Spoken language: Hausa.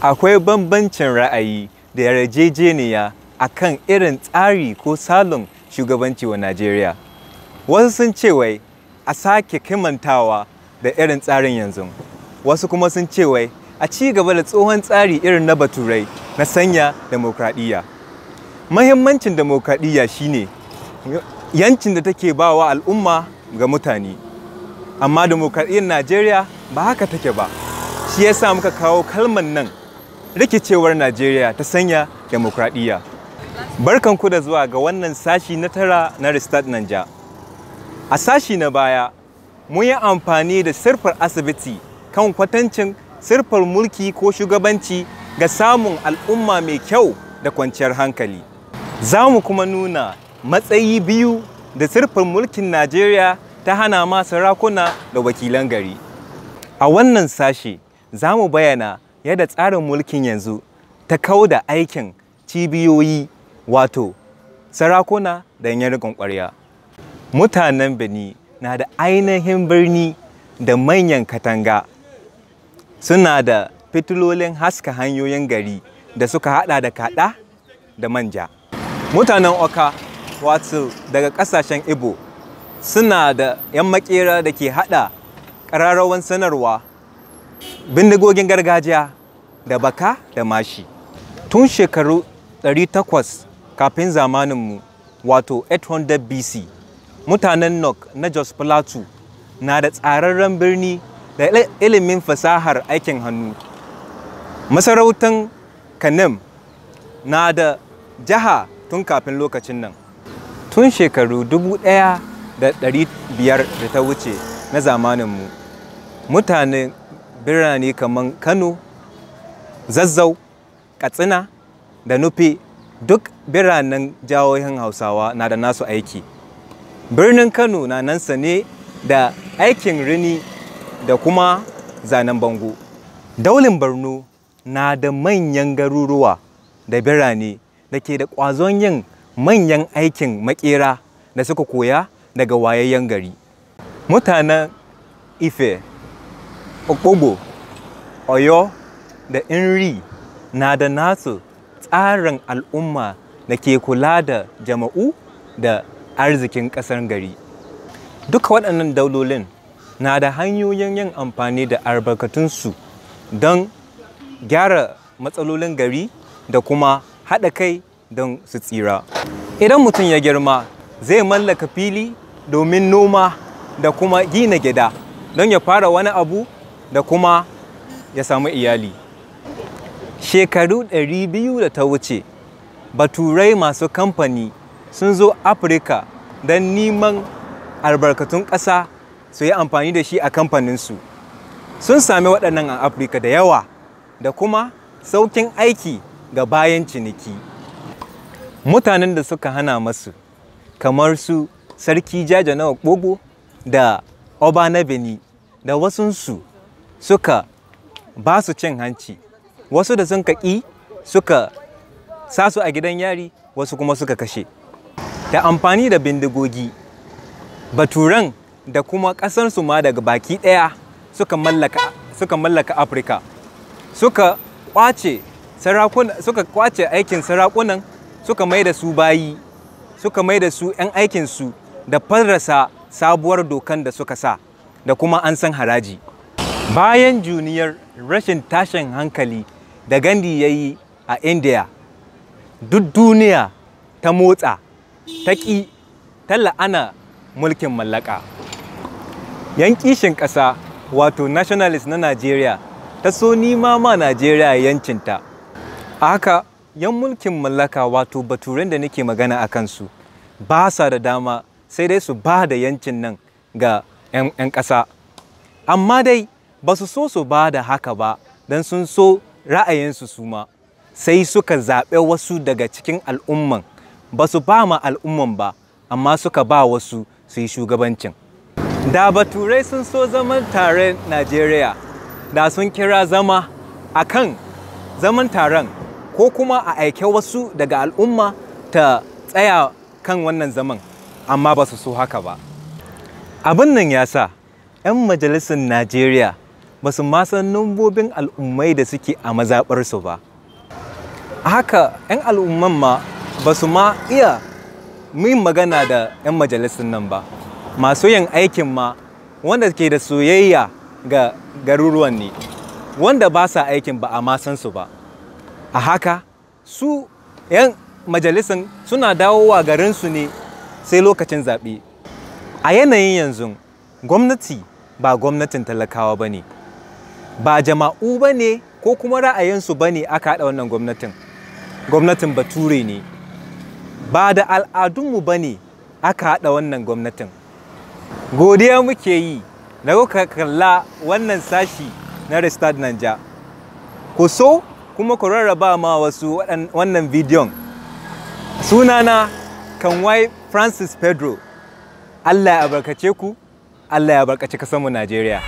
akwai bambancin ra'ayi da yarjejeniya a kan irin tsari ko salon shugabanci wa Najeriya. Wasu sun ce wai a sake kimantawa da irin tsarin yanzu. Wasu kuma sun ce wai a ci gaba da tsohon tsari irin na baturai na sanya demokradiyya. Mahimmancin demokradiyya shine yancin da take ba wa al'umma ga mutane amma demokradiyyar najeriya ba haka take ba shi ya sa muka kawo kalmar nan rikicewar najeriya ta sanya demokradiyya ku da zuwa ga wannan sashi na tara na restart nanja a sashi na baya mun yi amfani da sirfar asibiti kan kwatancin sirfar mulki ko shugabanci ga samun al'umma mai kyau da kwanciyar hankali za mu kuma nuna matsayi biyu da sirfin mulkin Najeriya ta hana ma sarakuna da wakilan gari. A wannan sashe za mu bayyana yadda tsarin mulkin yanzu ta kau da aikin cibiyoyi wato sarakuna da yan ƙwarya. Mutanen Bini na da ainihin birni da manyan katanga suna da fitilolin haska hanyoyin gari da suka hada da kaɗa da manja. Mutanen Oka wato daga ƙasashen Ibo suna da 'yan makera da ke haɗa kararrawan sanarwa bindigogin gargajiya da baka da mashi. Tun shekaru 800 kafin zamaninmu wato 800 BC mutanen Nok na Jos Plateau na da tsararren birni da ilimin fasahar aikin hannu. masarautar Kanem na da jiha tun kafin lokacin nan. tun shekaru dubu ɗaya da ɗari biyar da ta wuce na zamaninmu mutanen birane kamar kano zazzau katsina da nufi duk biranen jihohin hausawa na da nasu aiki birnin kano na nan sane da aikin rini da kuma zanen bango daulin borno na da manyan garuruwa da birane da ke da ƙwazon yin manyan aikin makera da suka koya daga wayayyen gari mutanen ife okpogbo oyo da inri na da nasu tsarin al'umma da ke kula da jama'u da arzikin ƙasar gari duka waɗannan daulolin na da hanyoyin yin amfani da albarkatunsu don gyara matsalolin gari da kuma haɗa kai don su tsira idan mutum ya girma zai mallaka fili domin noma da kuma gina gida don ya fara wani abu da kuma ya samu iyali shekaru ɗari biyu da ta wuce baturai masu kamfani sun zo afirka don neman albarkatun ƙasa su yi amfani da shi a kamfaninsu sun sami waɗannan a afirka da yawa da kuma saukin aiki ga bayan ciniki mutanen da suka hana masu kamar su sarki jaja na Okpogbo da Oba na Beni da wasunsu suka ba su cin hanci wasu da sun kaƙi suka sasu a gidan yari wasu kuma suka kashe da amfani da bindigogi baturan da kuma ƙasarsu ma daga baki ɗaya suka mallaka suka mallaka afirka suka kwace aikin sarakunan suka mai da su bayi suka mai da su 'yan aikinsu da farrasa sabuwar dokan da suka sa da kuma an san haraji bayan juniyar rashin tashin hankali da gandi ya yi a india duk duniya ta motsa ta ƙi ta la'ana mulkin mallaka yan kishin ƙasa wato nationalist na najeriya ta so nima ma najeriya yancinta a haka 'yan mulkin mallaka wato baturen da nake magana a kansu ba sa da dama sai dai su ba da yancin nan ga 'yan ƙasa amma dai ba su so su ba da haka ba don sun so ra'ayinsu su ma sai suka zaɓe wasu daga cikin al'umman ba su ba ma al'umman ba amma suka ba wasu su yi shugabancin da baturai sun so zaman tare najeriya da sun kira zama akan zaman taron ko kuma a aike wasu daga al'umma ta tsaya kan wannan zaman amma ba su so haka ba abin nan ya sa 'yan majalisar najeriya ba su san numbobin al'ummai da suke a mazaɓarsu ba A haka 'yan al'umman ma ba su ma iya min magana da 'yan majalisar nan ba masu yin aikin ma wanda ke da soyayya ga garuruwan ne wanda ba sa aikin ba a masansu ba a haka su 'yan majalisan suna dawowa garinsu ne sai lokacin zaɓe a yanayin yanzu gwamnati ba gwamnatin talakawa ba ne ba jama'u ba ne ko kuma ra'ayinsu ba ne aka haɗa wannan gwamnatin gwamnatin bature ne ba da al'adunmu ba ne aka haɗa wannan gwamnatin godiya muke yi da kuka kalla wannan sashi na restart nanja ku so kuma ku rarraba ma wasu wannan bidiyon sunana kanwai francis pedro allah ya albarkace ku allah ya albarkace kasanmu najeriya